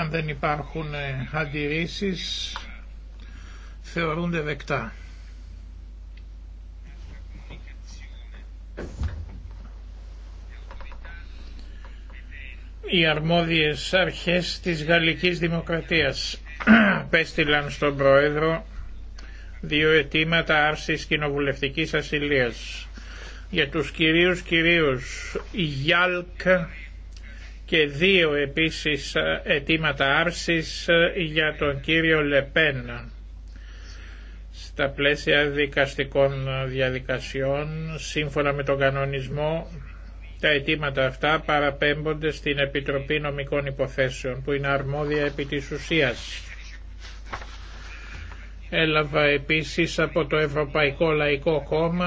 Αν δεν υπάρχουν ε, αντιρρήσεις, θεωρούνται δεκτά. Οι αρμόδιες αρχές της Γαλλικής Δημοκρατίας πέστηλαν στον Πρόεδρο δύο αιτήματα άρσης κοινοβουλευτικής ασυλίας για τους κυρίους κυρίους Γιάλκ και δύο επίσης ε, αιτήματα άρσης ε, για τον κύριο Λεπένα στα πλαίσια δικαστικών ε, διαδικασιών σύμφωνα με τον κανονισμό τα αιτήματα αυτά παραπέμπονται στην Επιτροπή Νομικών Υποθέσεων που είναι αρμόδια επί της ουσίας. Έλαβα επίσης από το Ευρωπαϊκό Λαϊκό Κόμμα